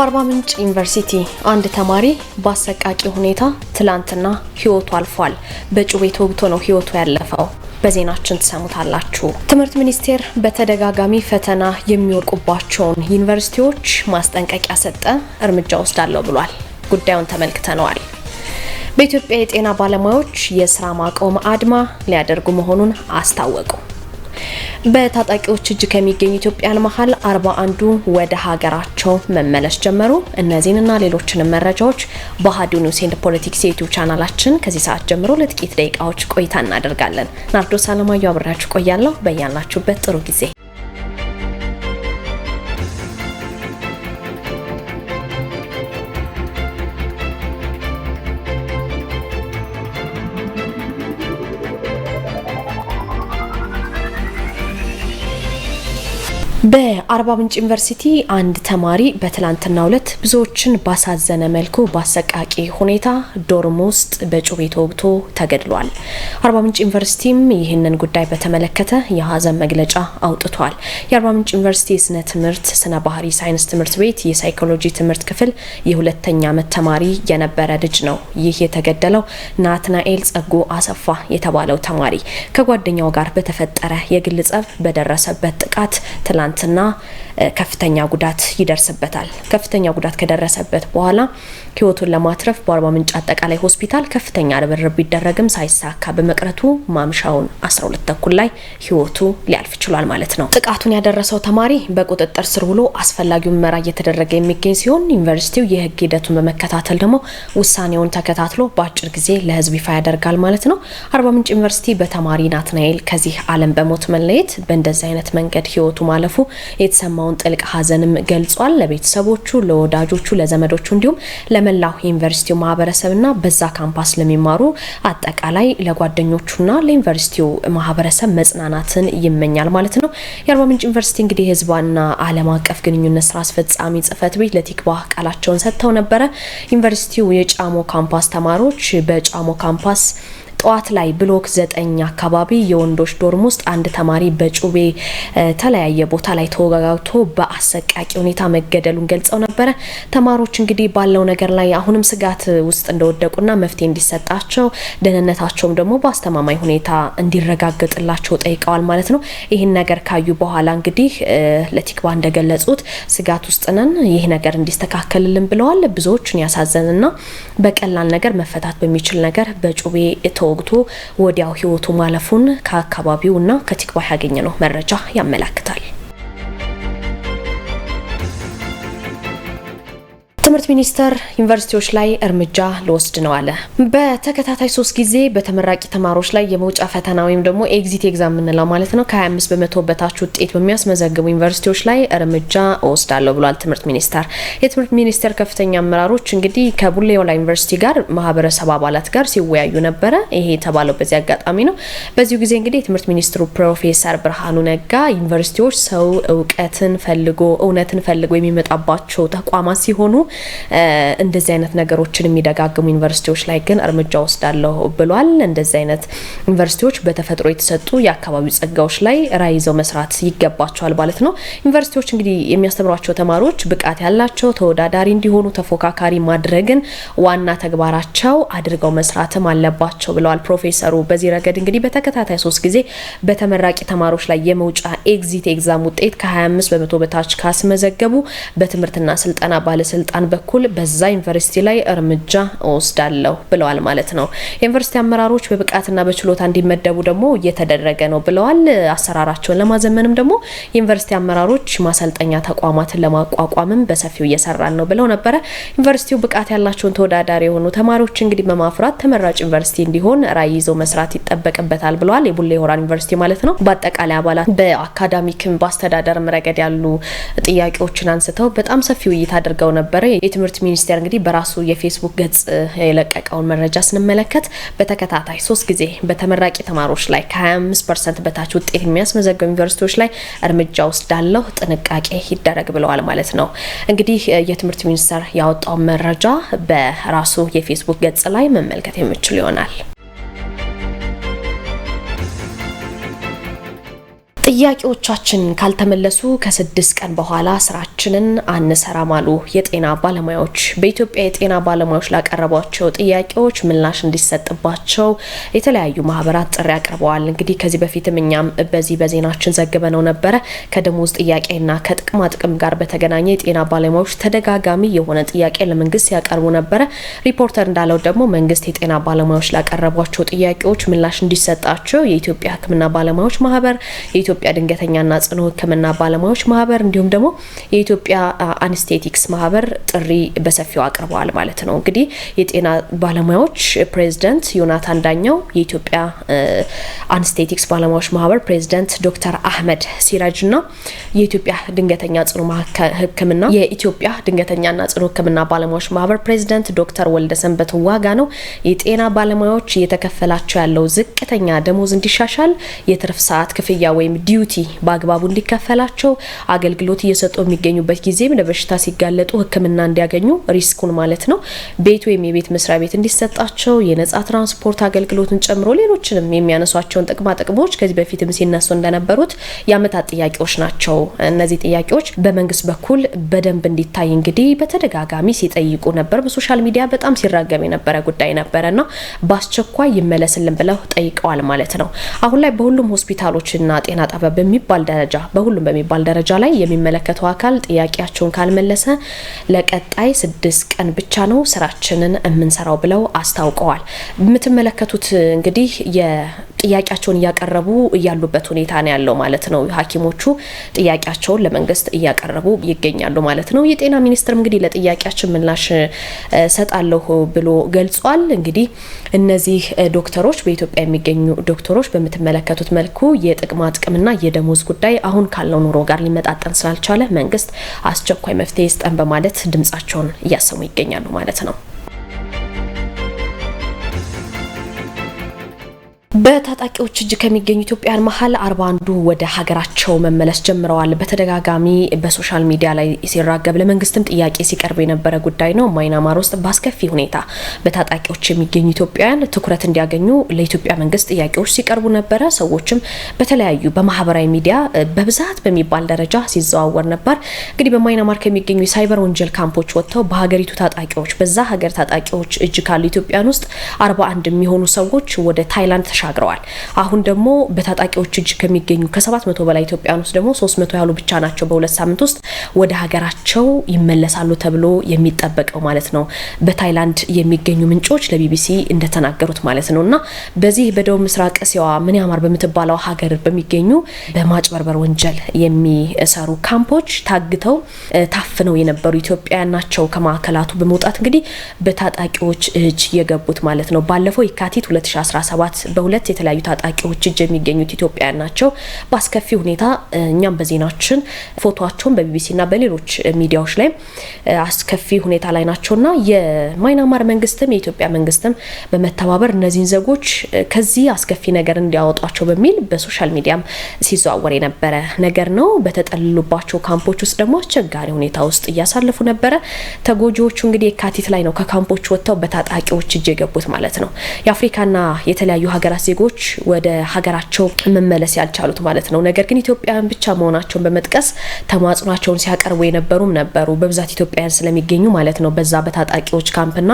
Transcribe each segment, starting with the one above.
በአርባ ምንጭ ዩኒቨርሲቲ አንድ ተማሪ በአሰቃቂ ሁኔታ ትላንትና ህይወቱ አልፏል። በጩቤ ተወግቶ ነው ህይወቱ ያለፈው። በዜናችን ትሰሙታላችሁ። ትምህርት ሚኒስቴር በተደጋጋሚ ፈተና የሚወድቁባቸውን ዩኒቨርሲቲዎች ማስጠንቀቂያ ሰጠ፣ እርምጃ ወስዳለሁ ብሏል። ጉዳዩን ተመልክተነዋል። በኢትዮጵያ የጤና ባለሙያዎች የስራ ማቆም አድማ ሊያደርጉ መሆኑን አስታወቁ። በታጣቂዎች እጅ ከሚገኙ ኢትዮጵያን መሀል አርባ አንዱ ወደ ሀገራቸው መመለስ ጀመሩ። እነዚህንና ሌሎችንም መረጃዎች በአሀዱ ኒውስ ኤንድ ፖለቲክስ የዩቲዩብ ቻናላችን ከዚህ ሰዓት ጀምሮ ለጥቂት ደቂቃዎች ቆይታ እናደርጋለን። ናርዶስ አለማየሁ አብሬያችሁ ቆያለሁ። በያላችሁበት ጥሩ ጊዜ በአርባ ምንጭ ዩኒቨርሲቲ አንድ ተማሪ በትላንትና ዕለት ብዙዎችን ባሳዘነ መልኩ በአሰቃቂ ሁኔታ ዶርም ውስጥ በጩቤ ተወግቶ ተገድሏል። አርባ ምንጭ ዩኒቨርሲቲም ይህንን ጉዳይ በተመለከተ የሀዘን መግለጫ አውጥቷል። የአርባ ምንጭ ዩኒቨርሲቲ የስነ ትምህርት ስነ ባህሪ ሳይንስ ትምህርት ቤት የሳይኮሎጂ ትምህርት ክፍል የሁለተኛ ዓመት ተማሪ የነበረ ልጅ ነው። ይህ የተገደለው ናትናኤል ጸጉ አሰፋ የተባለው ተማሪ ከጓደኛው ጋር በተፈጠረ የግል ጸብ በደረሰበት ጥቃት ትላንት ትናንትና ከፍተኛ ጉዳት ይደርስበታል። ከፍተኛ ጉዳት ከደረሰበት በኋላ ህይወቱን ለማትረፍ በአርባ ምንጭ አጠቃላይ ሆስፒታል ከፍተኛ ርብርብ ቢደረግም ሳይሳካ በመቅረቱ ማምሻውን 12 ተኩል ላይ ህይወቱ ሊያልፍ ችሏል ማለት ነው። ጥቃቱን ያደረሰው ተማሪ በቁጥጥር ስር ውሎ አስፈላጊውን ምርመራ እየተደረገ የሚገኝ ሲሆን ዩኒቨርሲቲው የህግ ሂደቱን በመከታተል ደግሞ ውሳኔውን ተከታትሎ በአጭር ጊዜ ለህዝብ ይፋ ያደርጋል ማለት ነው። አርባ ምንጭ ዩኒቨርሲቲ በተማሪ ናትናኤል ከዚህ ዓለም በሞት መለየት በእንደዚህ አይነት መንገድ ህይወቱ ማለፉ የተሰማው የተሰማውን ጥልቅ ሐዘንም ገልጿል። ለቤተሰቦቹ፣ ለወዳጆቹ፣ ለዘመዶቹ እንዲሁም ለመላው ዩኒቨርሲቲው ማህበረሰብና በዛ ካምፓስ ለሚማሩ አጠቃላይ ለጓደኞቹና ለዩኒቨርሲቲው ማህበረሰብ መጽናናትን ይመኛል ማለት ነው። የአርባ ምንጭ ዩኒቨርሲቲ እንግዲህ የህዝባና ዓለም አቀፍ ግንኙነት ስራ አስፈጻሚ ጽህፈት ቤት ለቲክባ ቃላቸውን ሰጥተው ነበረ። ዩኒቨርሲቲው የጫሞ ካምፓስ ተማሪዎች በጫሞ ካምፓስ ጠዋት ላይ ብሎክ ዘጠኝ አካባቢ የወንዶች ዶርም ውስጥ አንድ ተማሪ በጩቤ ተለያየ ቦታ ላይ ተወጋግቶ በአሰቃቂ ሁኔታ መገደሉን ገልጸው ነበረ። ተማሪዎች እንግዲህ ባለው ነገር ላይ አሁንም ስጋት ውስጥ እንደወደቁና መፍትሄ እንዲሰጣቸው ደህንነታቸውም ደግሞ በአስተማማኝ ሁኔታ እንዲረጋገጥላቸው ጠይቀዋል ማለት ነው። ይህን ነገር ካዩ በኋላ እንግዲህ ለቲክባ እንደገለጹት ስጋት ውስጥ ነን፣ ይህ ነገር እንዲስተካከልልን ብለዋል። ብዙዎቹን ያሳዘንና በቀላል ነገር መፈታት በሚችል ነገር በጩቤ ተወግቶ ወዲያው ህይወቱ ማለፉን ከአካባቢውና ከቲክቫህ ያገኘነው መረጃ ያመላክታል። ትምህርት ሚኒስቴር ዩኒቨርሲቲዎች ላይ እርምጃ ልወስድ ነው አለ። በተከታታይ ሶስት ጊዜ በተመራቂ ተማሪዎች ላይ የመውጫ ፈተና ወይም ደግሞ ኤግዚት ኤግዛም የምንለው ማለት ነው ከ25 በመቶ በታች ውጤት በሚያስመዘግቡ ዩኒቨርሲቲዎች ላይ እርምጃ እወስዳለሁ ብሏል ትምህርት ሚኒስቴር። የትምህርት ሚኒስቴር ከፍተኛ አመራሮች እንግዲህ ከቡሌ ሆራ ዩኒቨርሲቲ ጋር ማህበረሰብ አባላት ጋር ሲወያዩ ነበረ። ይሄ የተባለው በዚህ አጋጣሚ ነው። በዚሁ ጊዜ እንግዲህ የትምህርት ሚኒስትሩ ፕሮፌሰር ብርሃኑ ነጋ ዩኒቨርሲቲዎች ሰው እውቀትን ፈልጎ እውነትን ፈልጎ የሚመጣባቸው ተቋማት ሲሆኑ እንደዚህ አይነት ነገሮችን የሚደጋግሙ ዩኒቨርሲቲዎች ላይ ግን እርምጃ ወስዳለሁ ብሏል። እንደዚህ አይነት ዩኒቨርሲቲዎች በተፈጥሮ የተሰጡ የአካባቢው ጸጋዎች ላይ ራዕይ ይዘው መስራት ይገባቸዋል ማለት ነው። ዩኒቨርሲቲዎች እንግዲህ የሚያስተምሯቸው ተማሪዎች ብቃት ያላቸው ተወዳዳሪ እንዲሆኑ ተፎካካሪ ማድረግን ዋና ተግባራቸው አድርገው መስራትም አለባቸው ብለዋል ፕሮፌሰሩ። በዚህ ረገድ እንግዲህ በተከታታይ ሶስት ጊዜ በተመራቂ ተማሪዎች ላይ የመውጫ ኤግዚት ኤግዛም ውጤት ከ25 በመቶ በታች ካስመዘገቡ በትምህርትና ስልጠና ባለስልጣን በስልጣን በኩል በዛ ዩኒቨርሲቲ ላይ እርምጃ እወስዳለሁ ብለዋል ማለት ነው። የዩኒቨርሲቲ አመራሮች በብቃትና በችሎታ እንዲመደቡ ደግሞ እየተደረገ ነው ብለዋል። አሰራራቸውን ለማዘመንም ደግሞ ዩኒቨርሲቲ አመራሮች ማሰልጠኛ ተቋማትን ለማቋቋምም በሰፊው እየሰራን ነው ብለው ነበረ። ዩኒቨርሲቲው ብቃት ያላቸውን ተወዳዳሪ የሆኑ ተማሪዎች እንግዲህ በማፍራት ተመራጭ ዩኒቨርሲቲ እንዲሆን ራዕይ ይዘው መስራት ይጠበቅበታል ብለዋል። የቡሌ ሆራን ዩኒቨርሲቲ ማለት ነው። በአጠቃላይ አባላት በአካዳሚክም በአስተዳደርም ረገድ ያሉ ጥያቄዎችን አንስተው በጣም ሰፊ ውይይት አድርገው ነበረ። የትምህርት ሚኒስቴር እንግዲህ በራሱ የፌስቡክ ገጽ የለቀቀውን መረጃ ስንመለከት በተከታታይ ሶስት ጊዜ በተመራቂ ተማሪዎች ላይ ከ25 ፐርሰንት በታች ውጤት የሚያስመዘግቡ ዩኒቨርሲቲዎች ላይ እርምጃ ወስዳለሁ፣ ጥንቃቄ ይደረግ ብለዋል ማለት ነው። እንግዲህ የትምህርት ሚኒስቴር ያወጣውን መረጃ በራሱ የፌስቡክ ገጽ ላይ መመልከት የምችል ይሆናል። ጥያቄዎቻችን ካልተመለሱ ከስድስት ቀን በኋላ ስራችንን አንሰራም አሉ የጤና ባለሙያዎች። በኢትዮጵያ የጤና ባለሙያዎች ላቀረቧቸው ጥያቄዎች ምላሽ እንዲሰጥባቸው የተለያዩ ማህበራት ጥሪ አቅርበዋል። እንግዲህ ከዚህ በፊትም እኛም በዚህ በዜናችን ዘግበነው ነበረ። ከደሞዝ ጥያቄና ከጥቅማ ጥቅም ጋር በተገናኘ የጤና ባለሙያዎች ተደጋጋሚ የሆነ ጥያቄ ለመንግስት ያቀርቡ ነበረ። ሪፖርተር እንዳለው ደግሞ መንግስት የጤና ባለሙያዎች ላቀረቧቸው ጥያቄዎች ምላሽ እንዲሰጣቸው የኢትዮጵያ ሕክምና ባለሙያዎች ማህበር የኢትዮጵያ ድንገተኛና ጽኑ ሕክምና ባለሙያዎች ማህበር እንዲሁም ደግሞ የኢትዮጵያ አንስቴቲክስ ማህበር ጥሪ በሰፊው አቅርበዋል ማለት ነው። እንግዲህ የጤና ባለሙያዎች ፕሬዚደንት ዮናታን ዳኛው፣ የኢትዮጵያ አንስቴቲክስ ባለሙያዎች ማህበር ፕሬዚደንት ዶክተር አህመድ ሲራጅ እና የኢትዮጵያ ድንገተኛ ጽኑ ሕክምና የኢትዮጵያ ድንገተኛና ጽኑ ሕክምና ባለሙያዎች ማህበር ፕሬዚደንት ዶክተር ወልደሰንበት ዋጋ ነው የጤና ባለሙያዎች እየተከፈላቸው ያለው ዝቅተኛ ደሞዝ እንዲሻሻል የትርፍ ሰዓት ክፍያ ወይም ዲዩቲ በአግባቡ እንዲከፈላቸው አገልግሎት እየሰጡ የሚገኙበት ጊዜም ለበሽታ ሲጋለጡ ሕክምና እንዲያገኙ ሪስኩን ማለት ነው ቤት ወይም የቤት መስሪያ ቤት እንዲሰጣቸው የነጻ ትራንስፖርት አገልግሎትን ጨምሮ ሌሎችንም የሚያነሷቸውን ጥቅማ ጥቅሞች ከዚህ በፊትም ሲነሱ እንደነበሩት የአመታት ጥያቄዎች ናቸው። እነዚህ ጥያቄዎች በመንግስት በኩል በደንብ እንዲታይ እንግዲህ በተደጋጋሚ ሲጠይቁ ነበር። በሶሻል ሚዲያ በጣም ሲራገም የነበረ ጉዳይ ነበረና በአስቸኳይ ይመለስልን ብለው ጠይቀዋል ማለት ነው። አሁን ላይ በሁሉም ሆስፒታሎችና ጤና ጣቢያ በሚባል ደረጃ በሁሉም በሚባል ደረጃ ላይ የሚመለከተው አካል ጥያቄያቸውን ካልመለሰ ለቀጣይ ስድስት ቀን ብቻ ነው ስራችንን የምንሰራው ብለው አስታውቀዋል። የምትመለከቱት እንግዲህ ጥያቄያቸውን እያቀረቡ ያሉበት ሁኔታ ነው ያለው ማለት ነው። ሐኪሞቹ ጥያቄያቸውን ለመንግስት እያቀረቡ ይገኛሉ ማለት ነው። የጤና ሚኒስትር እንግዲህ ለጥያቄያችን ምላሽ ሰጣለሁ ብሎ ገልጿል። እንግዲህ እነዚህ ዶክተሮች በኢትዮጵያ የሚገኙ ዶክተሮች በምትመለከቱት መልኩ የጥቅማ ጥቅም የምግብና የደሞዝ ጉዳይ አሁን ካለው ኑሮ ጋር ሊመጣጠን ስላልቻለ መንግስት አስቸኳይ መፍትሄ ይስጠን በማለት ድምጻቸውን እያሰሙ ይገኛሉ ማለት ነው። በታጣቂዎች እጅ ከሚገኙ ኢትዮጵያን መሀል አርባ አንዱ ወደ ሀገራቸው መመለስ ጀምረዋል። በተደጋጋሚ በሶሻል ሚዲያ ላይ ሲራገብ ለመንግስትም ጥያቄ ሲቀርብ የነበረ ጉዳይ ነው። ማይናማር ውስጥ በአስከፊ ሁኔታ በታጣቂዎች የሚገኙ ኢትዮጵያውያን ትኩረት እንዲያገኙ ለኢትዮጵያ መንግስት ጥያቄዎች ሲቀርቡ ነበረ። ሰዎችም በተለያዩ በማህበራዊ ሚዲያ በብዛት በሚባል ደረጃ ሲዘዋወር ነበር። እንግዲህ በማይናማር ከሚገኙ የሳይበር ወንጀል ካምፖች ወጥተው በሀገሪቱ ታጣቂዎች በዛ ሀገር ታጣቂዎች እጅ ካሉ ኢትዮጵያን ውስጥ አርባ አንድ የሚሆኑ ሰዎች ወደ ታይላንድ ተሻ ተሻግረዋል። አሁን ደግሞ በታጣቂዎች እጅ ከሚገኙ ከ700 በላይ ኢትዮጵያውያን ውስጥ ደግሞ 300 ያሉ ብቻ ናቸው በሁለት ሳምንት ውስጥ ወደ ሀገራቸው ይመለሳሉ ተብሎ የሚጠበቀው ማለት ነው። በታይላንድ የሚገኙ ምንጮች ለቢቢሲ እንደተናገሩት ማለት ነው እና በዚህ በደቡብ ምስራቅ እስያዋ ምንያማር በምትባለው ሀገር በሚገኙ በማጭበርበር ወንጀል የሚሰሩ ካምፖች ታግተው ታፍነው የነበሩ ኢትዮጵያውያን ናቸው ከማዕከላቱ በመውጣት እንግዲህ በታጣቂዎች እጅ የገቡት ማለት ነው። ባለፈው የካቲት 2017 በሁለት ሁለት የተለያዩ ታጣቂዎች እጅ የሚገኙት ኢትዮጵያውያን ናቸው። በአስከፊ ሁኔታ እኛም በዜናችን ፎቶቸውን በቢቢሲና በሌሎች ሚዲያዎች ላይ አስከፊ ሁኔታ ላይ ናቸውና የማይናማር መንግስትም የኢትዮጵያ መንግስትም በመተባበር እነዚህን ዜጎች ከዚህ አስከፊ ነገር እንዲያወጧቸው በሚል በሶሻል ሚዲያም ሲዘዋወር የነበረ ነገር ነው። በተጠልሉባቸው ካምፖች ውስጥ ደግሞ አስቸጋሪ ሁኔታ ውስጥ እያሳለፉ ነበረ። ተጎጂዎቹ እንግዲህ የካቲት ላይ ነው ከካምፖች ወጥተው በታጣቂዎች እጅ የገቡት ማለት ነው። የአፍሪካና የተለያዩ ሀገራት ዜጎች ወደ ሀገራቸው መመለስ ያልቻሉት ማለት ነው። ነገር ግን ኢትዮጵያውያን ብቻ መሆናቸውን በመጥቀስ ተማጽኗቸውን ሲያቀርቡ የነበሩም ነበሩ፣ በብዛት ኢትዮጵያውያን ስለሚገኙ ማለት ነው በዛ በታጣቂዎች ካምፕና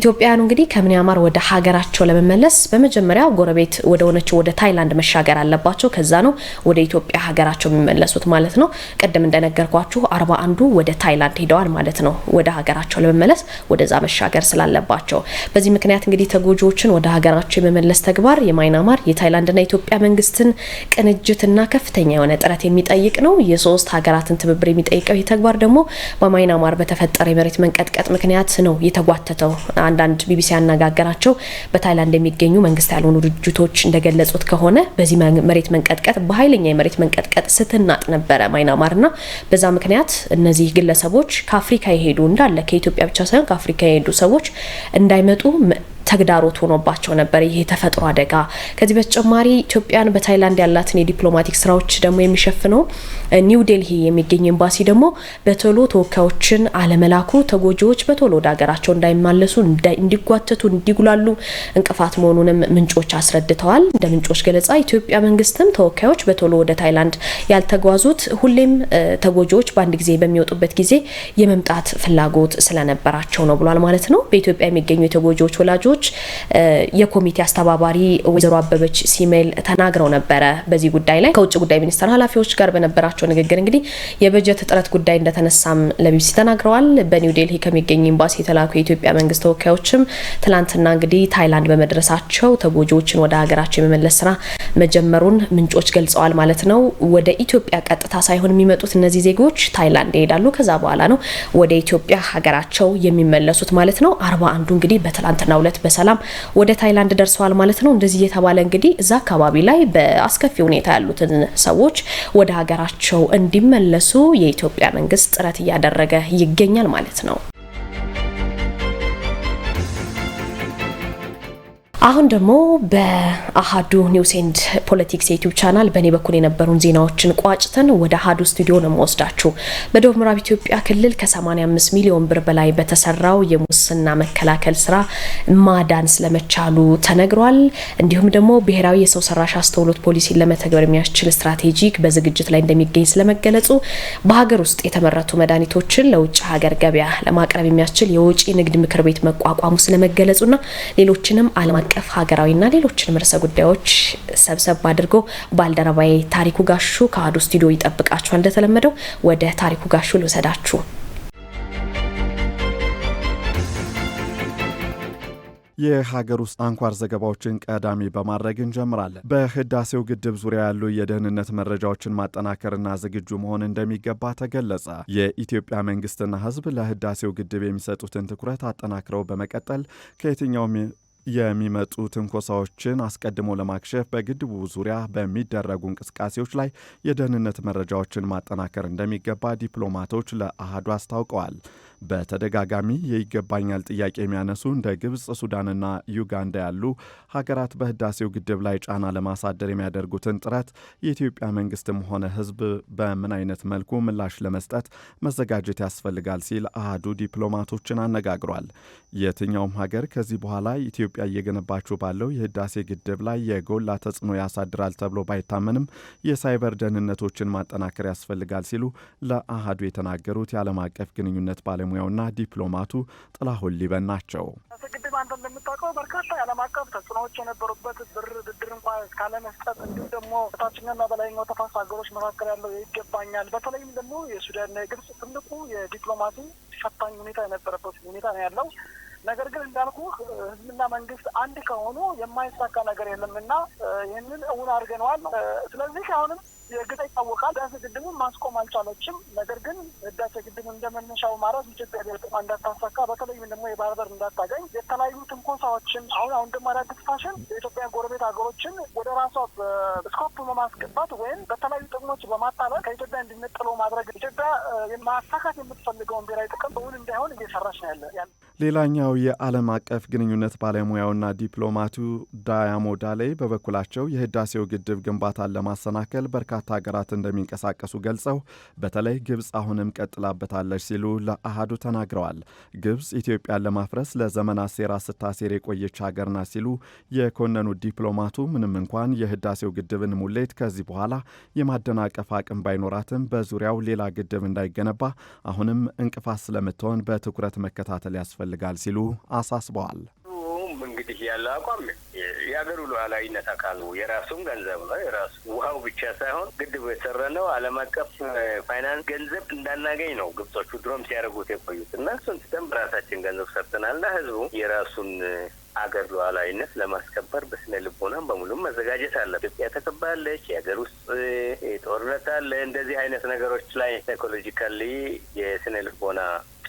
ኢትዮጵያውያኑ እንግዲህ ከምንያማር ወደ ሀገራቸው ለመመለስ በመጀመሪያ ጎረቤት ወደ ሆነችው ወደ ታይላንድ መሻገር አለባቸው። ከዛ ነው ወደ ኢትዮጵያ ሀገራቸው የሚመለሱት ማለት ነው። ቅድም እንደነገርኳችሁ አርባ አንዱ ወደ ታይላንድ ሄደዋል ማለት ነው ወደ ሀገራቸው ለመመለስ ወደዛ መሻገር ስላለባቸው። በዚህ ምክንያት እንግዲህ ተጎጂዎችን ወደ ሀገራቸው የመመለስ ተግባር የማይናማር የታይላንድና የኢትዮጵያ መንግስትን ቅንጅትና ከፍተኛ የሆነ ጥረት የሚጠይቅ ነው። የሶስት ሀገራትን ትብብር የሚጠይቀው ይህ ተግባር ደግሞ በማይናማር በተፈጠረ የመሬት መንቀጥቀጥ ምክንያት ነው የተጓተተው። አንዳንድ ቢቢሲ ያነጋገራቸው በታይላንድ የሚገኙ መንግስት ያልሆኑ ድርጅቶች እንደገለጹት ከሆነ በዚህ መሬት መንቀጥቀጥ በኃይለኛ የመሬት መንቀጥቀጥ ስትናጥ ነበረ ማይናማርና በዛ ምክንያት እነዚህ ግለሰቦች ከአፍሪካ የሄዱ እንዳለ ከኢትዮጵያ ብቻ ሳይሆን ከአፍሪካ የሄዱ ሰዎች እንዳይመጡ ተግዳሮት ሆኖባቸው ነበር ይሄ የተፈጥሮ አደጋ። ከዚህ በተጨማሪ ኢትዮጵያን በታይላንድ ያላትን የዲፕሎማቲክ ስራዎች ደግሞ የሚሸፍነው ኒው ዴልሂ የሚገኝ ኤምባሲ ደግሞ በቶሎ ተወካዮችን አለመላኩ ተጎጂዎች በቶሎ ወደ ሀገራቸው እንዳይማለሱ፣ እንዲጓተቱ፣ እንዲጉላሉ እንቅፋት መሆኑንም ምንጮች አስረድተዋል። እንደ ምንጮች ገለጻ ኢትዮጵያ መንግስትም ተወካዮች በቶሎ ወደ ታይላንድ ያልተጓዙት ሁሌም ተጎጂዎች በአንድ ጊዜ በሚወጡበት ጊዜ የመምጣት ፍላጎት ስለነበራቸው ነው ብሏል ማለት ነው። በኢትዮጵያ የሚገኙ የተጎጂዎች ወላጆች አባላቶች የኮሚቴ አስተባባሪ ወይዘሮ አበበች ሲሜል ተናግረው ነበረ። በዚህ ጉዳይ ላይ ከውጭ ጉዳይ ሚኒስቴር ኃላፊዎች ጋር በነበራቸው ንግግር እንግዲህ የበጀት እጥረት ጉዳይ እንደተነሳም ለቢቢሲ ተናግረዋል። በኒው ዴልሂ ከሚገኝ ኤምባሲ የተላኩ የኢትዮጵያ መንግስት ተወካዮችም ትላንትና እንግዲህ ታይላንድ በመድረሳቸው ተጎጂዎችን ወደ ሀገራቸው የመመለስ ስራ መጀመሩን ምንጮች ገልጸዋል ማለት ነው። ወደ ኢትዮጵያ ቀጥታ ሳይሆን የሚመጡት እነዚህ ዜጎች ታይላንድ ይሄዳሉ። ከዛ በኋላ ነው ወደ ኢትዮጵያ ሀገራቸው የሚመለሱት ማለት ነው። አርባ አንዱ እንግዲህ በትላንትና ሁለት በሰላም ወደ ታይላንድ ደርሰዋል ማለት ነው። እንደዚህ እየተባለ እንግዲህ እዛ አካባቢ ላይ በአስከፊ ሁኔታ ያሉትን ሰዎች ወደ ሀገራቸው እንዲመለሱ የኢትዮጵያ መንግስት ጥረት እያደረገ ይገኛል ማለት ነው። አሁን ደግሞ በአሃዱ ኒውስ ኤንድ ፖለቲክስ የዩቲዩብ ቻናል በእኔ በኩል የነበሩን ዜናዎችን ቋጭተን ወደ አሃዱ ስቱዲዮ ነው የምወስዳችሁ። በደቡብ ምዕራብ ኢትዮጵያ ክልል ከ85 ሚሊዮን ብር በላይ በተሰራው የሙስና መከላከል ስራ ማዳን ስለመቻሉ ተነግሯል። እንዲሁም ደግሞ ብሔራዊ የሰው ሰራሽ አስተውሎት ፖሊሲን ለመተግበር የሚያስችል ስትራቴጂክ በዝግጅት ላይ እንደሚገኝ ስለመገለጹ፣ በሀገር ውስጥ የተመረቱ መድኃኒቶችን ለውጭ ሀገር ገበያ ለማቅረብ የሚያስችል የውጭ ንግድ ምክር ቤት መቋቋሙ ስለመገለጹና ሌሎችንም ዓለም አቀፍ ሀገራዊና ሌሎችንም ርዕሰ ጉዳዮች ሰብሰብ አድርጎ ባልደረባዬ ታሪኩ ጋሹ ከአዱ ስቱዲዮ ይጠብቃችኋል። እንደተለመደው ወደ ታሪኩ ጋሹ ልውሰዳችሁ። የሀገር ውስጥ አንኳር ዘገባዎችን ቀዳሚ በማድረግ እንጀምራለን። በህዳሴው ግድብ ዙሪያ ያሉ የደህንነት መረጃዎችን ማጠናከርና ዝግጁ መሆን እንደሚገባ ተገለጸ። የኢትዮጵያ መንግስትና ህዝብ ለህዳሴው ግድብ የሚሰጡትን ትኩረት አጠናክረው በመቀጠል ከየትኛውም የሚመጡ ትንኮሳዎችን አስቀድሞ ለማክሸፍ በግድቡ ዙሪያ በሚደረጉ እንቅስቃሴዎች ላይ የደህንነት መረጃዎችን ማጠናከር እንደሚገባ ዲፕሎማቶች ለአህዱ አስታውቀዋል። በተደጋጋሚ የይገባኛል ጥያቄ የሚያነሱ እንደ ግብፅ፣ ሱዳንና ዩጋንዳ ያሉ ሀገራት በህዳሴው ግድብ ላይ ጫና ለማሳደር የሚያደርጉትን ጥረት የኢትዮጵያ መንግስትም ሆነ ህዝብ በምን አይነት መልኩ ምላሽ ለመስጠት መዘጋጀት ያስፈልጋል ሲል አህዱ ዲፕሎማቶችን አነጋግሯል። የትኛውም ሀገር ከዚህ በኋላ ኢትዮጵያ እየገነባችው ባለው የህዳሴ ግድብ ላይ የጎላ ተጽዕኖ ያሳድራል ተብሎ ባይታመንም የሳይበር ደህንነቶችን ማጠናከር ያስፈልጋል ሲሉ ለአህዱ የተናገሩት የዓለም አቀፍ ግንኙነት ባለሙ ባለሙያውና ዲፕሎማቱ ጥላሁን ሊበን ናቸው። ግድብ አንተ እንደምታውቀው በርካታ የዓለም አቀፍ ተጽዕኖዎች የነበሩበት ብር ብድር እንኳ እስካለ መስጠት እንዲሁም ደግሞ በታችኛና በላይኛው ተፋሰስ ሀገሮች መካከል ያለው ይገባኛል በተለይም ደግሞ የሱዳንና የግብጽ ትልቁ የዲፕሎማሲ ፈታኝ ሁኔታ የነበረበት ሁኔታ ነው ያለው። ነገር ግን እንዳልኩ ህዝብና መንግስት አንድ ከሆኑ የማይሳካ ነገር የለም እና ይህንን እውን አድርገነዋል። ስለዚህ አሁንም እርግጠ ይታወቃል። ህዳሴ ግድቡን ማስቆም አልቻለችም። ነገር ግን ህዳሴ ግድብ እንደመነሻው ማረስ ኢትዮጵያ ደርቅማ እንዳታሳካ በተለይም ደግሞ የባህር በር እንዳታገኝ የተለያዩ ትንኮሳዎችን አሁን አሁን ደግሞ አዳዲስ ፋሽን የኢትዮጵያ ጎረቤት ሀገሮችን ወደ ራሷ ስኮፕ በማስገባት ወይም በተለያዩ ጥቅሞች በማጣበቅ ከኢትዮጵያ እንዲነጠሉ ማድረግ ኢትዮጵያ ማሳካት የምትፈልገውን ብሔራዊ ጥቅም እውን እንዳይሆን እየሰራች ነው ያለ ያለ ሌላኛው የዓለም አቀፍ ግንኙነት ባለሙያውና ዲፕሎማቱ ዳያሞ ዳሌ በበኩላቸው የህዳሴው ግድብ ግንባታን ለማሰናከል በርካታ በርካታ ሀገራት እንደሚንቀሳቀሱ ገልጸው በተለይ ግብፅ አሁንም ቀጥላበታለች ሲሉ ለአሃዱ ተናግረዋል። ግብፅ ኢትዮጵያን ለማፍረስ ለዘመናት ሴራ ስታሴር የቆየች ሀገር ናት ሲሉ የኮነኑ ዲፕሎማቱ ምንም እንኳን የህዳሴው ግድብን ሙሌት ከዚህ በኋላ የማደናቀፍ አቅም ባይኖራትም በዙሪያው ሌላ ግድብ እንዳይገነባ አሁንም እንቅፋት ስለምትሆን በትኩረት መከታተል ያስፈልጋል ሲሉ አሳስበዋል። እንግዲህ ያለ አቋም የሀገሩ ሉዓላዊነት አካል ነው። የራሱም ገንዘብ ነው የራሱ ውሃው ብቻ ሳይሆን ግድቡ የተሰረ ነው። ዓለም አቀፍ ፋይናንስ ገንዘብ እንዳናገኝ ነው ግብጾቹ ድሮም ሲያደርጉት የቆዩት እና እሱን ትተን በራሳችን ገንዘብ ሰርተናል እና ህዝቡ የራሱን አገር ሉዓላዊነት ለማስከበር በስነ ልቦናም በሙሉም መዘጋጀት አለ። ኢትዮጵያ ተከባለች፣ የሀገር ውስጥ ጦርነት አለ። እንደዚህ አይነት ነገሮች ላይ ሳይኮሎጂካሊ የስነ ልቦና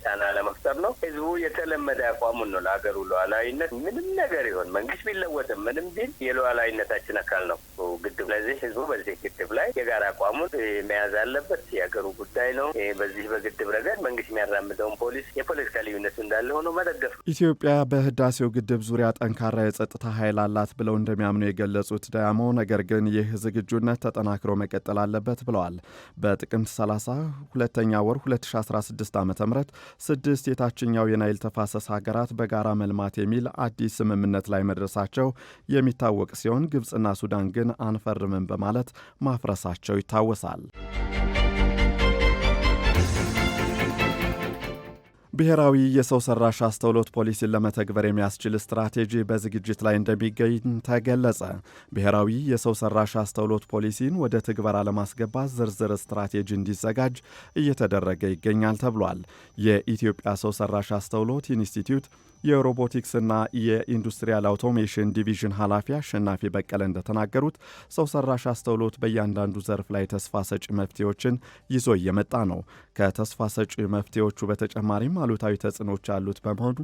ጫና ለመፍጠር ነው። ህዝቡ የተለመደ አቋሙን ነው ለሀገሩ ሉዓላዊነት ምንም ነገር ይሆን መንግስት ቢለወጥም ምንም ቢል የሉዓላዊነታችን አካል ነው ግድብ። ስለዚህ ህዝቡ በዚህ ግድብ ላይ የጋራ አቋሙን መያዝ አለበት። የሀገሩ ጉዳይ ነው። በዚህ በግድብ ረገድ መንግስት የሚያራምደውን ፖሊስ የፖለቲካ ልዩነቱ እንዳለ ሆኖ መደገፍ ነው። ኢትዮጵያ በህዳሴው ግድብ ዙሪያ ጠንካራ የጸጥታ ኃይል አላት ብለው እንደሚያምኑ የገለጹት ዳያሞ ነገር ግን ይህ ዝግጁነት ተጠናክሮ መቀጠል አለበት ብለዋል። በጥቅምት 30 ሁለተኛ ወር 2016 ዓ ም ስድስት የታችኛው የናይል ተፋሰስ ሀገራት በጋራ መልማት የሚል አዲስ ስምምነት ላይ መድረሳቸው የሚታወቅ ሲሆን ግብፅና ሱዳን ግን አንፈርምም በማለት ማፍረሳቸው ይታወሳል። ብሔራዊ የሰው ሰራሽ አስተውሎት ፖሊሲን ለመተግበር የሚያስችል ስትራቴጂ በዝግጅት ላይ እንደሚገኝ ተገለጸ። ብሔራዊ የሰው ሰራሽ አስተውሎት ፖሊሲን ወደ ትግበራ ለማስገባት ዝርዝር ስትራቴጂ እንዲዘጋጅ እየተደረገ ይገኛል ተብሏል። የኢትዮጵያ ሰው ሰራሽ አስተውሎት ኢንስቲትዩት የሮቦቲክስና የኢንዱስትሪያል አውቶሜሽን ዲቪዥን ኃላፊ አሸናፊ በቀለ እንደተናገሩት ሰው ሰራሽ አስተውሎት በእያንዳንዱ ዘርፍ ላይ ተስፋ ሰጪ መፍትሄዎችን ይዞ እየመጣ ነው። ከተስፋ ሰጪ መፍትሄዎቹ በተጨማሪም አሉታዊ ተጽዕኖች ያሉት በመሆኑ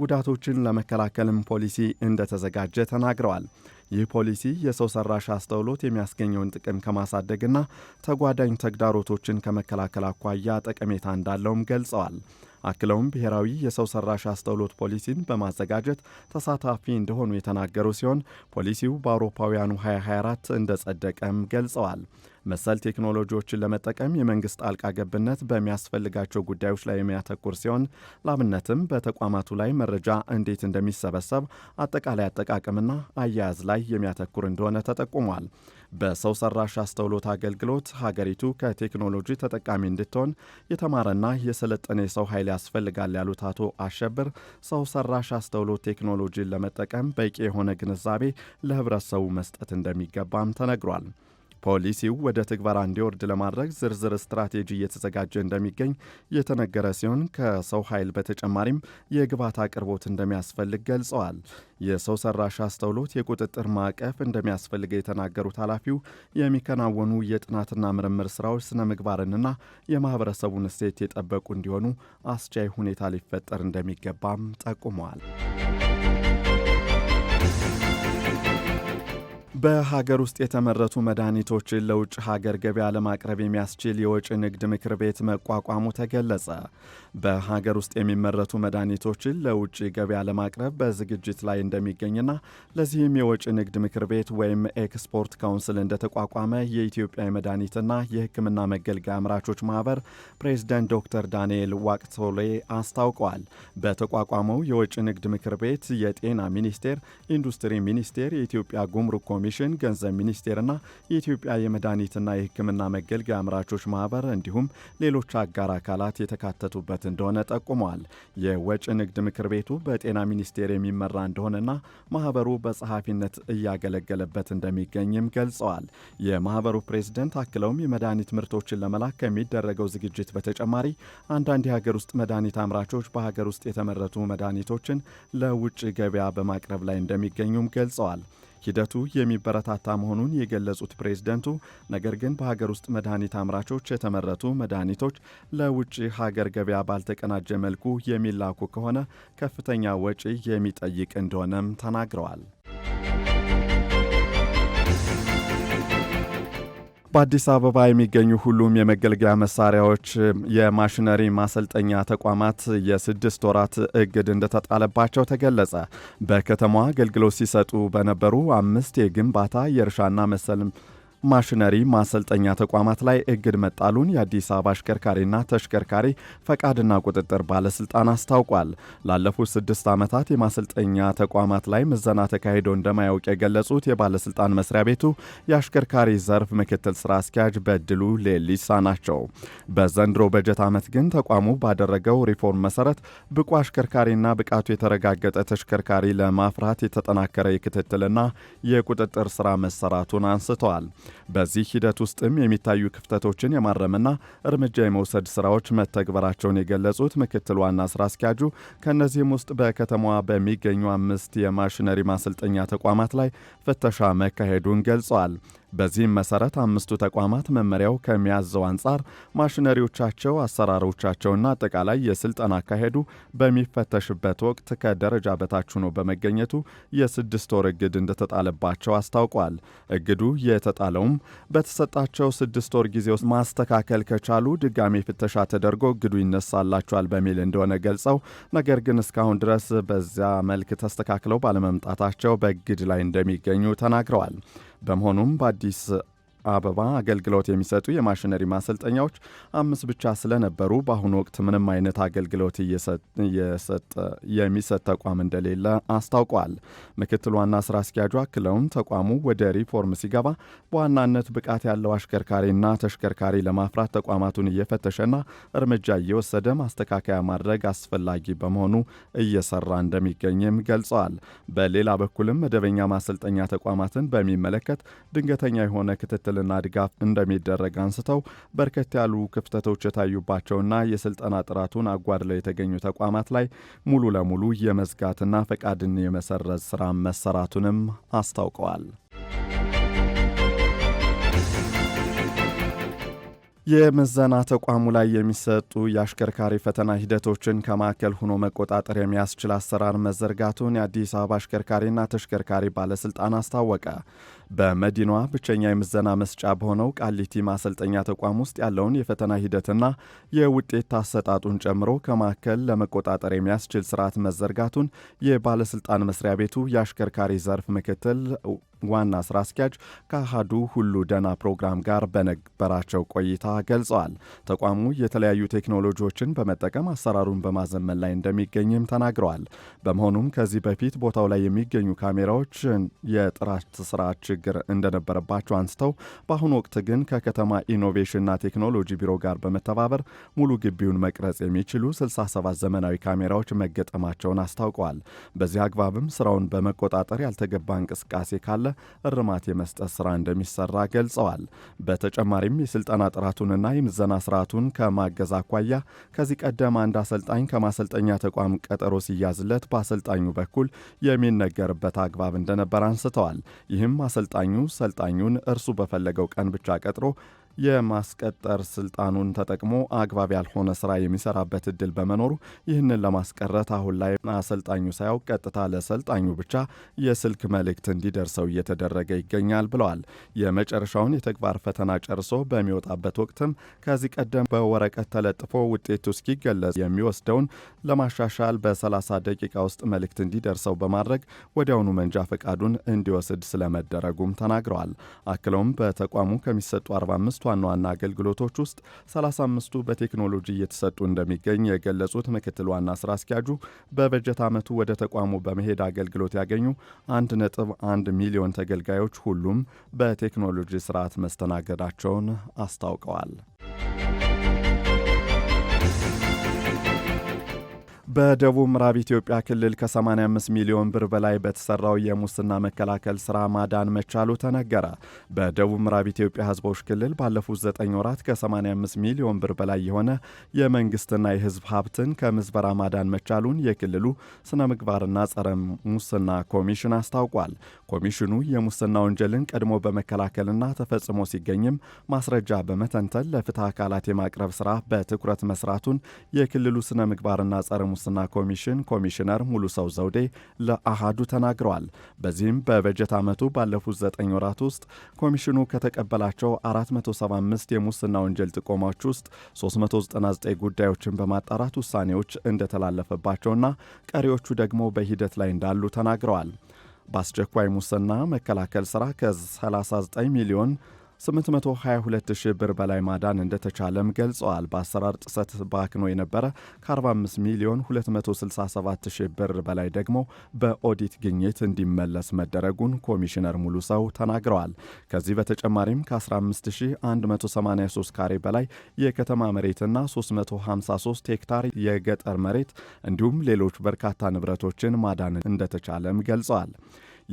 ጉዳቶችን ለመከላከልም ፖሊሲ እንደተዘጋጀ ተናግረዋል። ይህ ፖሊሲ የሰው ሰራሽ አስተውሎት የሚያስገኘውን ጥቅም ከማሳደግና ተጓዳኝ ተግዳሮቶችን ከመከላከል አኳያ ጠቀሜታ እንዳለውም ገልጸዋል። አክለውም ብሔራዊ የሰው ሰራሽ አስተውሎት ፖሊሲን በማዘጋጀት ተሳታፊ እንደሆኑ የተናገሩ ሲሆን ፖሊሲው በአውሮፓውያኑ 2024 እንደጸደቀም ገልጸዋል። መሰል ቴክኖሎጂዎችን ለመጠቀም የመንግስት ጣልቃ ገብነት በሚያስፈልጋቸው ጉዳዮች ላይ የሚያተኩር ሲሆን ላብነትም በተቋማቱ ላይ መረጃ እንዴት እንደሚሰበሰብ አጠቃላይ አጠቃቀምና አያያዝ ላይ የሚያተኩር እንደሆነ ተጠቁሟል። በሰው ሰራሽ አስተውሎት አገልግሎት ሀገሪቱ ከቴክኖሎጂ ተጠቃሚ እንድትሆን የተማረና የሰለጠነ የሰው ኃይል ያስፈልጋል ያሉት አቶ አሸብር ሰው ሰራሽ አስተውሎት ቴክኖሎጂን ለመጠቀም በቂ የሆነ ግንዛቤ ለህብረተሰቡ መስጠት እንደሚገባም ተነግሯል። ፖሊሲው ወደ ትግበራ እንዲወርድ ለማድረግ ዝርዝር ስትራቴጂ እየተዘጋጀ እንደሚገኝ የተነገረ ሲሆን ከሰው ኃይል በተጨማሪም የግብዓት አቅርቦት እንደሚያስፈልግ ገልጸዋል። የሰው ሰራሽ አስተውሎት የቁጥጥር ማዕቀፍ እንደሚያስፈልገ የተናገሩት ኃላፊው የሚከናወኑ የጥናትና ምርምር ስራዎች ስነ ምግባርንና የማህበረሰቡን እሴት የጠበቁ እንዲሆኑ አስቻይ ሁኔታ ሊፈጠር እንደሚገባም ጠቁመዋል። በሀገር ውስጥ የተመረቱ መድኃኒቶችን ለውጭ ሀገር ገበያ ለማቅረብ የሚያስችል የወጪ ንግድ ምክር ቤት መቋቋሙ ተገለጸ። በሀገር ውስጥ የሚመረቱ መድኃኒቶችን ለውጭ ገበያ ለማቅረብ በዝግጅት ላይ እንደሚገኝና ለዚህም የወጪ ንግድ ምክር ቤት ወይም ኤክስፖርት ካውንስል እንደተቋቋመ የኢትዮጵያ የመድኃኒትና የሕክምና መገልገያ አምራቾች ማህበር ፕሬዚደንት ዶክተር ዳንኤል ዋቅቶሌ አስታውቀዋል። በተቋቋመው የወጪ ንግድ ምክር ቤት የጤና ሚኒስቴር፣ ኢንዱስትሪ ሚኒስቴር፣ የኢትዮጵያ ጉምሩክ ኮሚሽን፣ ገንዘብ ሚኒስቴርና የኢትዮጵያ የመድኃኒትና የሕክምና መገልገያ አምራቾች ማህበር እንዲሁም ሌሎች አጋር አካላት የተካተቱበት እንደሆነ ጠቁመዋል። የወጪ ንግድ ምክር ቤቱ በጤና ሚኒስቴር የሚመራ እንደሆነና ማህበሩ በጸሐፊነት እያገለገለበት እንደሚገኝም ገልጸዋል። የማህበሩ ፕሬዝደንት አክለውም የመድኃኒት ምርቶችን ለመላክ ከሚደረገው ዝግጅት በተጨማሪ አንዳንድ የሀገር ውስጥ መድኃኒት አምራቾች በሀገር ውስጥ የተመረቱ መድኃኒቶችን ለውጭ ገበያ በማቅረብ ላይ እንደሚገኙም ገልጸዋል። ሂደቱ የሚበረታታ መሆኑን የገለጹት ፕሬዝደንቱ ነገር ግን በሀገር ውስጥ መድኃኒት አምራቾች የተመረቱ መድኃኒቶች ለውጭ ሀገር ገበያ ባልተቀናጀ መልኩ የሚላኩ ከሆነ ከፍተኛ ወጪ የሚጠይቅ እንደሆነም ተናግረዋል። በአዲስ አበባ የሚገኙ ሁሉም የመገልገያ መሳሪያዎች የማሽነሪ ማሰልጠኛ ተቋማት የስድስት ወራት እግድ እንደተጣለባቸው ተገለጸ። በከተማዋ አገልግሎት ሲሰጡ በነበሩ አምስት የግንባታ የእርሻና መሰልም ማሽነሪ ማሰልጠኛ ተቋማት ላይ እግድ መጣሉን የአዲስ አበባ አሽከርካሪና ተሽከርካሪ ፈቃድና ቁጥጥር ባለስልጣን አስታውቋል። ላለፉት ስድስት ዓመታት የማሰልጠኛ ተቋማት ላይ ምዘና ተካሂዶ እንደማያውቅ የገለጹት የባለስልጣን መስሪያ ቤቱ የአሽከርካሪ ዘርፍ ምክትል ስራ አስኪያጅ በድሉ ሌሊሳ ናቸው። በዘንድሮ በጀት ዓመት ግን ተቋሙ ባደረገው ሪፎርም መሰረት ብቁ አሽከርካሪና ብቃቱ የተረጋገጠ ተሽከርካሪ ለማፍራት የተጠናከረ የክትትልና የቁጥጥር ስራ መሰራቱን አንስተዋል። በዚህ ሂደት ውስጥም የሚታዩ ክፍተቶችን የማረምና እርምጃ የመውሰድ ስራዎች መተግበራቸውን የገለጹት ምክትል ዋና ስራ አስኪያጁ ከእነዚህም ውስጥ በከተማዋ በሚገኙ አምስት የማሽነሪ ማሰልጠኛ ተቋማት ላይ ፍተሻ መካሄዱን ገልጸዋል። በዚህም መሰረት አምስቱ ተቋማት መመሪያው ከሚያዘው አንጻር ማሽነሪዎቻቸው፣ አሰራሮቻቸውና አጠቃላይ የስልጠና አካሄዱ በሚፈተሽበት ወቅት ከደረጃ በታች ሆኖ በመገኘቱ የስድስት ወር እግድ እንደተጣለባቸው አስታውቋል። እግዱ የተጣለውም በተሰጣቸው ስድስት ወር ጊዜ ውስጥ ማስተካከል ከቻሉ ድጋሚ ፍተሻ ተደርጎ እግዱ ይነሳላቸዋል በሚል እንደሆነ ገልጸው፣ ነገር ግን እስካሁን ድረስ በዚያ መልክ ተስተካክለው ባለመምጣታቸው በእግድ ላይ እንደሚገኙ ተናግረዋል። በመሆኑም በአዲስ አበባ አገልግሎት የሚሰጡ የማሽነሪ ማሰልጠኛዎች አምስት ብቻ ስለነበሩ በአሁኑ ወቅት ምንም አይነት አገልግሎት የሚሰጥ ተቋም እንደሌለ አስታውቋል። ምክትል ዋና ስራ አስኪያጁ አክለውም ተቋሙ ወደ ሪፎርም ሲገባ በዋናነት ብቃት ያለው አሽከርካሪና ተሽከርካሪ ለማፍራት ተቋማቱን እየፈተሸና እርምጃ እየወሰደ ማስተካከያ ማድረግ አስፈላጊ በመሆኑ እየሰራ እንደሚገኝም ገልጸዋል። በሌላ በኩልም መደበኛ ማሰልጠኛ ተቋማትን በሚመለከት ድንገተኛ የሆነ ክትትል ክትትልና ድጋፍ እንደሚደረግ አንስተው በርከት ያሉ ክፍተቶች የታዩባቸውና የስልጠና ጥራቱን አጓድለው የተገኙ ተቋማት ላይ ሙሉ ለሙሉ የመዝጋትና ፈቃድን የመሰረዝ ስራ መሰራቱንም አስታውቀዋል። የምዘና ተቋሙ ላይ የሚሰጡ የአሽከርካሪ ፈተና ሂደቶችን ከማዕከል ሆኖ መቆጣጠር የሚያስችል አሰራር መዘርጋቱን የአዲስ አበባ አሽከርካሪና ተሽከርካሪ ባለስልጣን አስታወቀ። በመዲናዋ ብቸኛ የምዘና መስጫ በሆነው ቃሊቲ ማሰልጠኛ ተቋም ውስጥ ያለውን የፈተና ሂደትና የውጤት አሰጣጡን ጨምሮ ከማዕከል ለመቆጣጠር የሚያስችል ስርዓት መዘርጋቱን የባለስልጣን መስሪያ ቤቱ የአሽከርካሪ ዘርፍ ምክትል ዋና ስራ አስኪያጅ ከአሃዱ ሁሉ ደና ፕሮግራም ጋር በነበራቸው ቆይታ ገልጸዋል። ተቋሙ የተለያዩ ቴክኖሎጂዎችን በመጠቀም አሰራሩን በማዘመን ላይ እንደሚገኝም ተናግረዋል። በመሆኑም ከዚህ በፊት ቦታው ላይ የሚገኙ ካሜራዎች የጥራት ስራች ችግር እንደነበረባቸው አንስተው በአሁኑ ወቅት ግን ከከተማ ኢኖቬሽንና ቴክኖሎጂ ቢሮ ጋር በመተባበር ሙሉ ግቢውን መቅረጽ የሚችሉ 67 ዘመናዊ ካሜራዎች መገጠማቸውን አስታውቀዋል። በዚህ አግባብም ስራውን በመቆጣጠር ያልተገባ እንቅስቃሴ ካለ እርማት የመስጠት ስራ እንደሚሰራ ገልጸዋል። በተጨማሪም የስልጠና ጥራቱንና የምዘና ስርዓቱን ከማገዝ አኳያ ከዚህ ቀደም አንድ አሰልጣኝ ከማሰልጠኛ ተቋም ቀጠሮ ሲያዝለት በአሰልጣኙ በኩል የሚነገርበት አግባብ እንደነበር አንስተዋል። ይህም አሰልጣኙ ሰልጣኙን እርሱ በፈለገው ቀን ብቻ ቀጥሮ የማስቀጠር ስልጣኑን ተጠቅሞ አግባብ ያልሆነ ስራ የሚሰራበት እድል በመኖሩ ይህንን ለማስቀረት አሁን ላይ አሰልጣኙ ሳያውቅ ቀጥታ ለሰልጣኙ ብቻ የስልክ መልእክት እንዲደርሰው እየተደረገ ይገኛል ብለዋል። የመጨረሻውን የተግባር ፈተና ጨርሶ በሚወጣበት ወቅትም ከዚህ ቀደም በወረቀት ተለጥፎ ውጤቱ እስኪገለጽ የሚወስደውን ለማሻሻል በ30 ደቂቃ ውስጥ መልእክት እንዲደርሰው በማድረግ ወዲያውኑ መንጃ ፈቃዱን እንዲወስድ ስለመደረጉም ተናግረዋል። አክለውም በተቋሙ ከሚሰጡ 45 ዋና ዋና አገልግሎቶች ውስጥ 35ቱ በቴክኖሎጂ እየተሰጡ እንደሚገኝ የገለጹት ምክትል ዋና ስራ አስኪያጁ በበጀት ዓመቱ ወደ ተቋሙ በመሄድ አገልግሎት ያገኙ 1.1 ሚሊዮን ተገልጋዮች ሁሉም በቴክኖሎጂ ስርዓት መስተናገዳቸውን አስታውቀዋል። በደቡብ ምዕራብ ኢትዮጵያ ክልል ከ85 ሚሊዮን ብር በላይ በተሰራው የሙስና መከላከል ስራ ማዳን መቻሉ ተነገረ። በደቡብ ምዕራብ ኢትዮጵያ ህዝቦች ክልል ባለፉት 9 ወራት ከ85 ሚሊዮን ብር በላይ የሆነ የመንግስትና የህዝብ ሀብትን ከምዝበራ ማዳን መቻሉን የክልሉ ስነ ምግባርና ጸረ ሙስና ኮሚሽን አስታውቋል። ኮሚሽኑ የሙስና ወንጀልን ቀድሞ በመከላከልና ተፈጽሞ ሲገኝም ማስረጃ በመተንተን ለፍትህ አካላት የማቅረብ ስራ በትኩረት መስራቱን የክልሉ ስነ ምግባርና ጸረ ሙስና ዋስትና ኮሚሽን ኮሚሽነር ሙሉ ሰው ዘውዴ ለአሃዱ ተናግረዋል። በዚህም በበጀት ዓመቱ ባለፉት ዘጠኝ ወራት ውስጥ ኮሚሽኑ ከተቀበላቸው 475 የሙስና ወንጀል ጥቆማዎች ውስጥ 399 ጉዳዮችን በማጣራት ውሳኔዎች እንደተላለፈባቸውና ቀሪዎቹ ደግሞ በሂደት ላይ እንዳሉ ተናግረዋል። በአስቸኳይ ሙስና መከላከል ሥራ ከ39 ሚሊዮን 822 ሺህ ብር በላይ ማዳን እንደተቻለም ገልጸዋል። በአሰራር ጥሰት ባክኖ የነበረ ከ45 ሚሊዮን 267 ሺህ ብር በላይ ደግሞ በኦዲት ግኝት እንዲመለስ መደረጉን ኮሚሽነር ሙሉ ሰው ተናግረዋል። ከዚህ በተጨማሪም ከ15183 ካሬ በላይ የከተማ መሬትና 353 ሄክታር የገጠር መሬት እንዲሁም ሌሎች በርካታ ንብረቶችን ማዳን እንደተቻለም ገልጸዋል።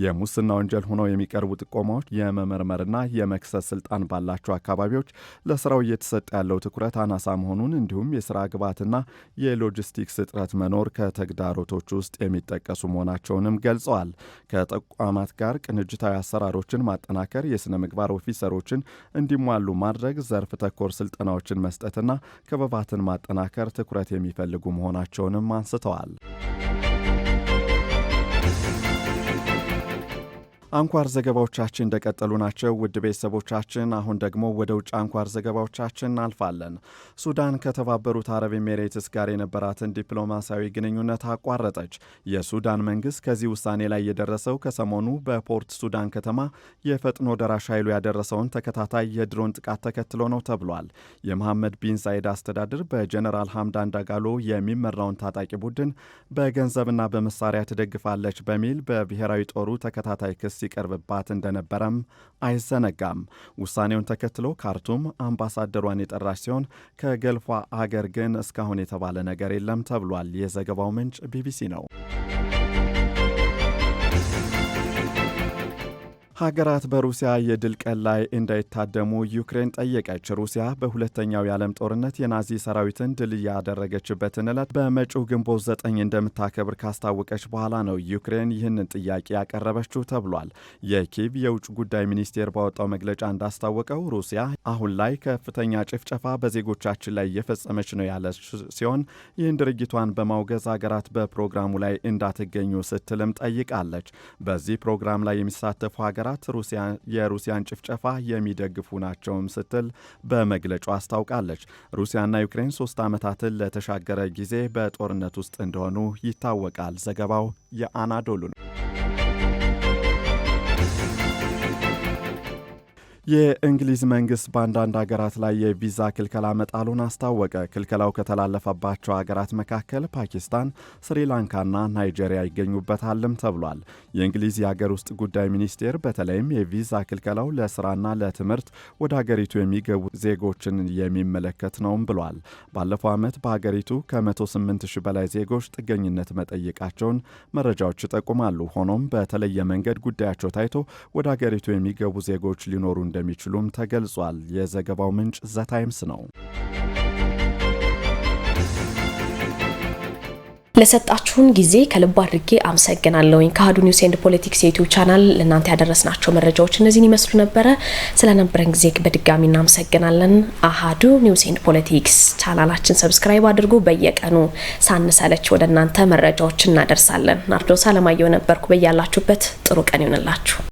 የሙስና ወንጀል ሆነው የሚቀርቡ ጥቆማዎች የመመርመርና የመክሰስ ስልጣን ባላቸው አካባቢዎች ለስራው እየተሰጠ ያለው ትኩረት አናሳ መሆኑን እንዲሁም የስራ ግብዓትና የሎጂስቲክስ እጥረት መኖር ከተግዳሮቶች ውስጥ የሚጠቀሱ መሆናቸውንም ገልጸዋል። ከተቋማት ጋር ቅንጅታዊ አሰራሮችን ማጠናከር፣ የስነ ምግባር ኦፊሰሮችን እንዲሟሉ ማድረግ፣ ዘርፍ ተኮር ስልጠናዎችን መስጠትና ክበባትን ማጠናከር ትኩረት የሚፈልጉ መሆናቸውንም አንስተዋል። አንኳር ዘገባዎቻችን እንደቀጠሉ ናቸው። ውድ ቤተሰቦቻችን፣ አሁን ደግሞ ወደ ውጭ አንኳር ዘገባዎቻችን እናልፋለን። ሱዳን ከተባበሩት አረብ ኤሜሬትስ ጋር የነበራትን ዲፕሎማሲያዊ ግንኙነት አቋረጠች። የሱዳን መንግስት ከዚህ ውሳኔ ላይ የደረሰው ከሰሞኑ በፖርት ሱዳን ከተማ የፈጥኖ ደራሽ ኃይሉ ያደረሰውን ተከታታይ የድሮን ጥቃት ተከትሎ ነው ተብሏል። የመሐመድ ቢን ዛይድ አስተዳደር በጀነራል ሐምዳን ዳጋሎ የሚመራውን ታጣቂ ቡድን በገንዘብና በመሳሪያ ትደግፋለች በሚል በብሔራዊ ጦሩ ተከታታይ ክስ ሲቀርብባት እንደነበረም አይዘነጋም። ውሳኔውን ተከትሎ ካርቱም አምባሳደሯን የጠራች ሲሆን ከገልፏ አገር ግን እስካሁን የተባለ ነገር የለም ተብሏል። የዘገባው ምንጭ ቢቢሲ ነው። ሀገራት በሩሲያ የድል ቀን ላይ እንዳይታደሙ ዩክሬን ጠየቀች። ሩሲያ በሁለተኛው የዓለም ጦርነት የናዚ ሰራዊትን ድል ያደረገችበትን ዕለት በመጪው ግንቦት ዘጠኝ እንደምታከብር ካስታወቀች በኋላ ነው ዩክሬን ይህንን ጥያቄ ያቀረበችው ተብሏል። የኪቭ የውጭ ጉዳይ ሚኒስቴር ባወጣው መግለጫ እንዳስታወቀው ሩሲያ አሁን ላይ ከፍተኛ ጭፍጨፋ በዜጎቻችን ላይ እየፈጸመች ነው ያለ ሲሆን ይህን ድርጊቷን በማውገዝ ሀገራት በፕሮግራሙ ላይ እንዳትገኙ ስትልም ጠይቃለች። በዚህ ፕሮግራም ላይ የሚሳተፉ ሀገራት ሀገራት የሩሲያን ጭፍጨፋ የሚደግፉ ናቸውም ስትል በመግለጫው አስታውቃለች። ሩሲያና ዩክሬን ሶስት ዓመታትን ለተሻገረ ጊዜ በጦርነት ውስጥ እንደሆኑ ይታወቃል። ዘገባው የአናዶሉ ነው። የእንግሊዝ መንግስት በአንዳንድ ሀገራት ላይ የቪዛ ክልከላ መጣሉን አስታወቀ። ክልከላው ከተላለፈባቸው ሀገራት መካከል ፓኪስታን፣ ስሪላንካና ናይጄሪያ ይገኙበታልም ተብሏል። የእንግሊዝ የሀገር ውስጥ ጉዳይ ሚኒስቴር በተለይም የቪዛ ክልከላው ለስራና ለትምህርት ወደ ሀገሪቱ የሚገቡ ዜጎችን የሚመለከት ነውም ብሏል። ባለፈው ዓመት በሀገሪቱ ከ108 ሺህ በላይ ዜጎች ጥገኝነት መጠየቃቸውን መረጃዎች ይጠቁማሉ። ሆኖም በተለየ መንገድ ጉዳያቸው ታይቶ ወደ ሀገሪቱ የሚገቡ ዜጎች ሊኖሩ እንደሚችሉም ተገልጿል። የዘገባው ምንጭ ዘታይምስ ነው። ለሰጣችሁን ጊዜ ከልብ አድርጌ አመሰግናለሁኝ። ከአሀዱ ኒውስ ኤንድ ፖለቲክስ የዩቲዩብ ቻናል ለእናንተ ያደረስናቸው መረጃዎች እነዚህን ይመስሉ ነበረ። ስለነበረን ጊዜ በድጋሚ እናመሰግናለን። አሀዱ ኒውስ ኤንድ ፖለቲክስ ቻናላችን ሰብስክራይብ አድርጉ። በየቀኑ ሳንሰለች ወደ እናንተ መረጃዎች እናደርሳለን። ናርዶስ አለማየሁ ነበርኩ። በያላችሁበት ጥሩ ቀን ይሆንላችሁ።